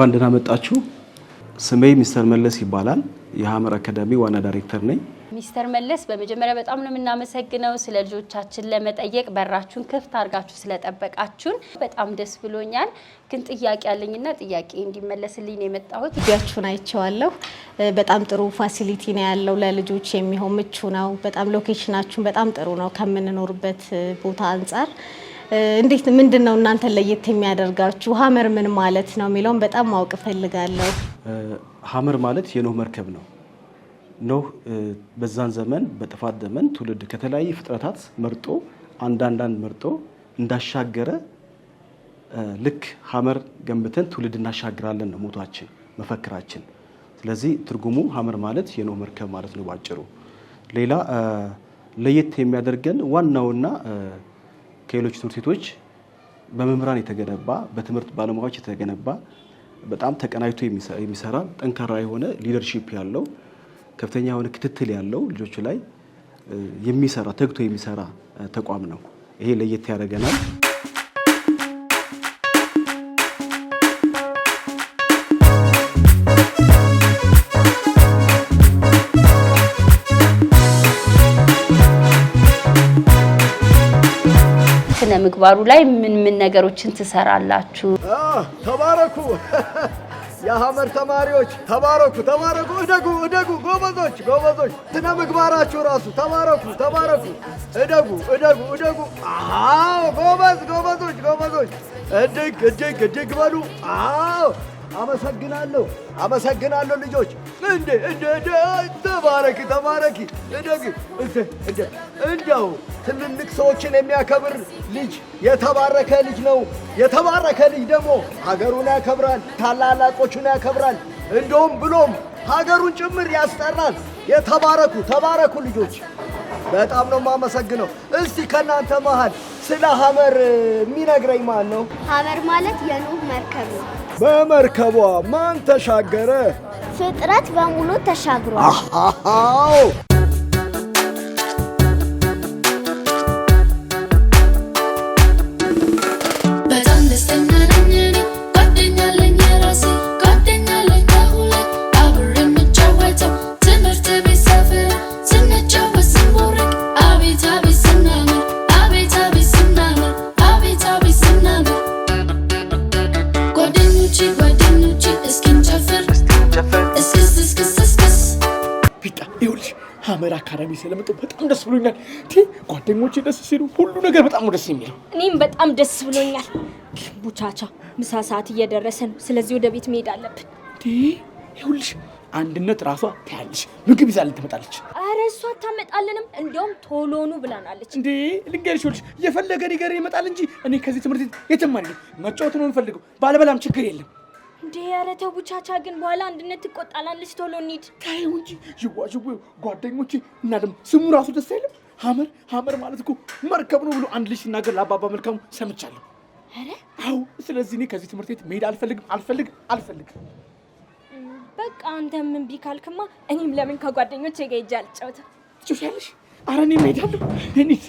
እንኳን ደህና መጣችሁ። ስሜ ሚስተር መለስ ይባላል። የሀመር አካዳሚ ዋና ዳይሬክተር ነኝ። ሚስተር መለስ በመጀመሪያ በጣም ነው የምናመሰግነው። ስለ ልጆቻችን ለመጠየቅ በራችሁን ክፍት አድርጋችሁ ስለጠበቃችሁን በጣም ደስ ብሎኛል። ግን ጥያቄ ያለኝና ጥያቄ እንዲመለስልኝ ነው የመጣሁት። ግቢያችሁን አይቼዋለሁ። በጣም ጥሩ ፋሲሊቲ ነው ያለው፣ ለልጆች የሚሆን ምቹ ነው። በጣም ሎኬሽናችሁን በጣም ጥሩ ነው ከምንኖርበት ቦታ አንጻር እንዴት ምንድን ነው እናንተ ለየት የሚያደርጋችሁ? ሀመር ምን ማለት ነው የሚለውን በጣም ማወቅ እፈልጋለሁ። ሀመር ማለት የኖህ መርከብ ነው። ኖህ በዛን ዘመን በጥፋት ዘመን ትውልድ ከተለያየ ፍጥረታት መርጦ አንዳንዳንድ መርጦ እንዳሻገረ ልክ ሀመር ገንብተን ትውልድ እናሻግራለን ነው ሞቷችን መፈክራችን። ስለዚህ ትርጉሙ ሀመር ማለት የኖህ መርከብ ማለት ነው ባጭሩ። ሌላ ለየት የሚያደርገን ዋናውና ከሌሎች ትምህርት ቤቶች በመምህራን የተገነባ በትምህርት ባለሙያዎች የተገነባ በጣም ተቀናጅቶ የሚሰራ ጠንካራ የሆነ ሊደርሺፕ ያለው ከፍተኛ የሆነ ክትትል ያለው ልጆቹ ላይ የሚሰራ ተግቶ የሚሰራ ተቋም ነው። ይሄ ለየት ያደርገናል። ምግባሩ ላይ ምን ምን ነገሮችን ትሰራላችሁ? ተባረኩ የሀመር ተማሪዎች ተባረኩ፣ ተባረኩ፣ እደጉ፣ እደጉ፣ ጎበዞች፣ ጎበዞች። ስነ ምግባራችሁ ራሱ ተባረኩ፣ ተባረኩ፣ እደጉ፣ እደጉ፣ እደጉ። አዎ፣ ጎበዝ፣ ጎበዞች፣ ጎበዞች። እድግ፣ እድግ፣ እድግ በሉ። አዎ አመሰግናለሁ፣ አመሰግናለሁ ልጆች። እንደ እንደ ተባረኪ፣ ተባረኪ። እደግ እንደ እንደው ትልልቅ ሰዎችን የሚያከብር ልጅ የተባረከ ልጅ ነው። የተባረከ ልጅ ደግሞ ሀገሩን ያከብራል፣ ታላላቆቹን ያከብራል፣ እንደውም ብሎም ሀገሩን ጭምር ያስጠራል። የተባረኩ ተባረኩ ልጆች። በጣም ነው የማመሰግነው። እስቲ ከእናንተ መሃል ስለ ሀመር የሚነግረኝ ማን ነው? ሀመር ማለት የኖህ መርከብ ነው። በመርከቧ ማን ተሻገረ? ፍጥረት በሙሉ ተሻግሯል። ዘመድ አካዳሚ ስለመጡ በጣም ደስ ብሎኛል። ጓደኞቼ ደስ ሲሉ ሁሉ ነገር በጣም ደስ የሚለው። እኔም በጣም ደስ ብሎኛል። ቡቻቻ ምሳ ሰዓት እየደረሰ ነው። ስለዚህ ወደ ቤት መሄድ አለብን። ይኸውልሽ አንድነት ራሷ ታያለሽ፣ ምግብ ይዛልን ትመጣለች። አረ እሷ አታመጣልንም፣ እንዲያውም ቶሎኑ ብላናለች። እንዴ ልንገርሽ፣ ይኸውልሽ የፈለገ ነገር ይመጣል እንጂ እኔ ከዚህ ትምህርት ቤት የትም አልሄድም። መጫወት ነው የምፈልገው። ባለበላም ችግር የለም እንዴ! ኧረ ተው ቡቻቻ። ግን በኋላ አንድነት ትቆጣላለች። ቶሎ እንሂድ። ተይው እንጂ ዥዋ ዥዌ ጓደኞቼ። እና ደግሞ ስሙ ራሱ ደስ አይልም። ሀመር ሀመር ማለት እኮ መርከብ ነው ብሎ አንድ ልጅ ሲናገር ለአባባ መልካሙ ሰምቻለሁ። ኧረ አዎ። ስለዚህ እኔ ከዚህ ትምህርት ቤት መሄድ አልፈልግም፣ አልፈልግም፣ አልፈልግም። በቃ አንተ ምን ቢካልክማ እኔም ለምን ከጓደኞቼ ጋር ሄጄ አልጫወትም። ጭሻለሽ። ኧረ እኔ እሄዳለሁ። እኔት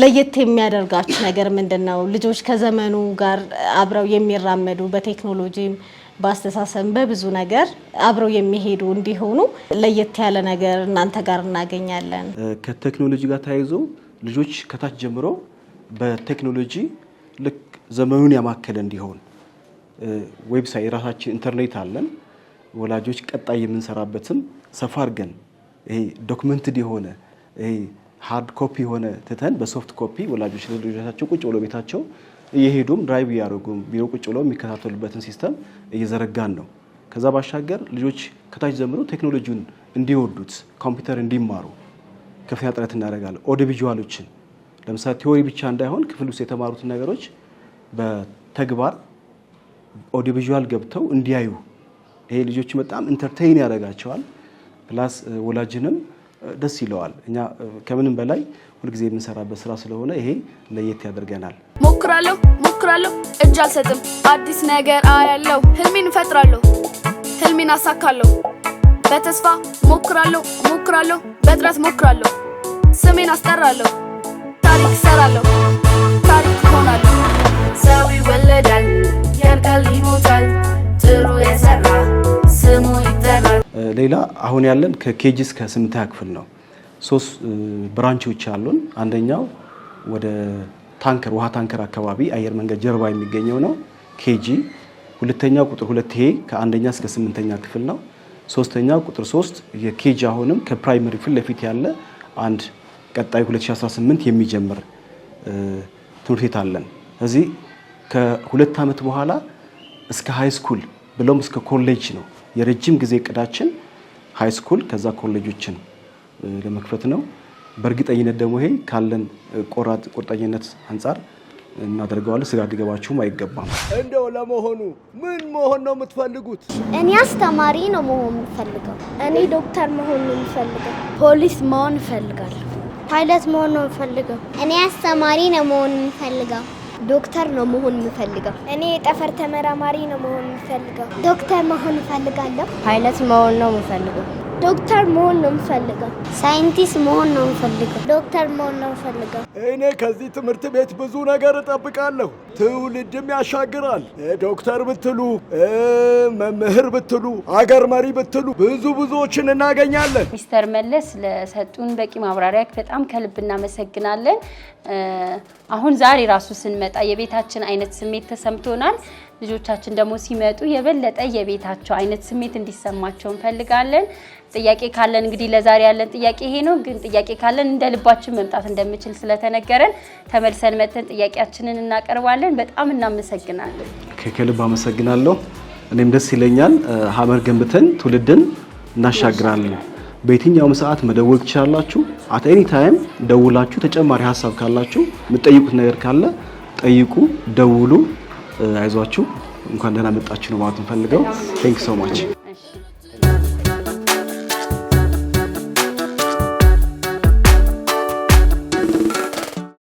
ለየት የሚያደርጋችሁ ነገር ምንድን ነው? ልጆች ከዘመኑ ጋር አብረው የሚራመዱ በቴክኖሎጂም በአስተሳሰብ በብዙ ነገር አብረው የሚሄዱ እንዲሆኑ ለየት ያለ ነገር እናንተ ጋር እናገኛለን። ከቴክኖሎጂ ጋር ተያይዞ ልጆች ከታች ጀምሮ በቴክኖሎጂ ልክ ዘመኑን ያማከለ እንዲሆን ዌብሳይት የራሳችን ኢንተርኔት አለን። ወላጆች ቀጣይ የምንሰራበትም ሰፋ አድርገን ይሄ ዶክመንትድ የሆነ ይሄ ሃርድ ኮፒ የሆነ ትተን በሶፍት ኮፒ ወላጆች ልጆቻቸው ቁጭ ብሎ ቤታቸው እየሄዱም ድራይቭ እያደረጉም ቢሮ ቁጭ ብሎ የሚከታተሉበትን ሲስተም እየዘረጋን ነው። ከዛ ባሻገር ልጆች ከታች ጀምሮ ቴክኖሎጂውን እንዲወዱት ኮምፒውተር እንዲማሩ ከፍተኛ ጥረት እናደርጋለን። ኦዲዮ ለምሳሌ ቲዎሪ ብቻ እንዳይሆን ክፍል ውስጥ የተማሩትን ነገሮች በተግባር ኦዲዮ ገብተው እንዲያዩ ይሄ ልጆች በጣም ኢንተርቴይን ያደርጋቸዋል። ፕላስ ወላጅንም ደስ ይለዋል። እኛ ከምንም በላይ ሁልጊዜ የምንሰራበት ስራ ስለሆነ ይሄ ለየት ያደርገናል። ሞክራለሁ ሞክራለሁ፣ እጅ አልሰጥም። አዲስ ነገር አያለው፣ ህልሜን እፈጥራለሁ፣ ህልሜን አሳካለሁ። በተስፋ ሞክራለሁ ሞክራለሁ፣ በጥረት ሞክራለሁ። ስሜን አስጠራለሁ። ታሪክ እሰራለሁ፣ ታሪክ እሆናለሁ። ሰው ይወለዳል ሌላ አሁን ያለን ከኬጂ እስከ ስምንተኛ ክፍል ነው። ሶስት ብራንቾች አሉን። አንደኛው ወደ ታንከር ውሃ ታንከር አካባቢ አየር መንገድ ጀርባ የሚገኘው ነው ኬጂ። ሁለተኛው ቁጥር ሁለት ይሄ ከአንደኛ እስከ ስምንተኛ ክፍል ነው። ሶስተኛ ቁጥር ሶስት የኬጂ አሁንም ከፕራይመሪ ፊት ለፊት ያለ አንድ ቀጣይ 2018 የሚጀምር ትምህርት ቤት አለን። እዚህ ከሁለት ዓመት በኋላ እስከ ሃይ ስኩል ብሎም እስከ ኮሌጅ ነው የረጅም ጊዜ እቅዳችን ሃይስኩል ከዛ ኮሌጆችን ለመክፈት ነው። በእርግጠኝነት ደግሞ ይሄ ካለን ቆራጥ ቁርጠኝነት አንጻር እናደርገዋለን። ስጋ ሊገባችሁም አይገባም። እንደው ለመሆኑ ምን መሆን ነው የምትፈልጉት? እኔ አስተማሪ ነው መሆን የምፈልገው። እኔ ዶክተር መሆን ነው የምፈልገው። ፖሊስ መሆን እፈልጋለሁ። ፓይለት መሆን ነው የምፈልገው። እኔ አስተማሪ ነው መሆን የምፈልገው። ዶክተር ነው መሆን የምፈልገው። እኔ የጠፈር ተመራማሪ ነው መሆን የምፈልገው። ዶክተር መሆን እፈልጋለሁ። ፓይለት መሆን ነው የምፈልገው። ዶክተር መሆን ነው የምፈልገው። ሳይንቲስት መሆን ነው የምፈልገው። ዶክተር መሆን ነው የምፈልገው። እኔ ከዚህ ትምህርት ቤት ብዙ ነገር እጠብቃለሁ። ትውልድም ያሻግራል። ዶክተር ብትሉ፣ መምህር ብትሉ፣ አገር መሪ ብትሉ ብዙ ብዙዎችን እናገኛለን። ሚስተር መለስ ለሰጡን በቂ ማብራሪያ በጣም ከልብ እናመሰግናለን። አሁን ዛሬ ራሱ ስንመጣ የቤታችን አይነት ስሜት ተሰምቶናል። ልጆቻችን ደግሞ ሲመጡ የበለጠ የቤታቸው አይነት ስሜት እንዲሰማቸው እንፈልጋለን። ጥያቄ ካለን እንግዲህ ለዛሬ ያለን ጥያቄ ይሄ ነው። ግን ጥያቄ ካለን እንደ ልባችን መምጣት እንደምችል ስለተነገረን ተመልሰን መጥተን ጥያቄያችንን እናቀርባለን። ስለመጣልን በጣም እናመሰግናለን። ከልብ አመሰግናለሁ። እኔም ደስ ይለኛል። ሀመር ገንብተን ትውልድን እናሻግራለን። በየትኛውም ሰዓት መደወል ትችላላችሁ። አት ኤኒ ታይም ደውላችሁ ተጨማሪ ሀሳብ ካላችሁ የምትጠይቁት ነገር ካለ ጠይቁ፣ ደውሉ። አይዟችሁ። እንኳን ደህና መጣችሁ ነው ማለት እንፈልገው። ቴንክ ሶ ማች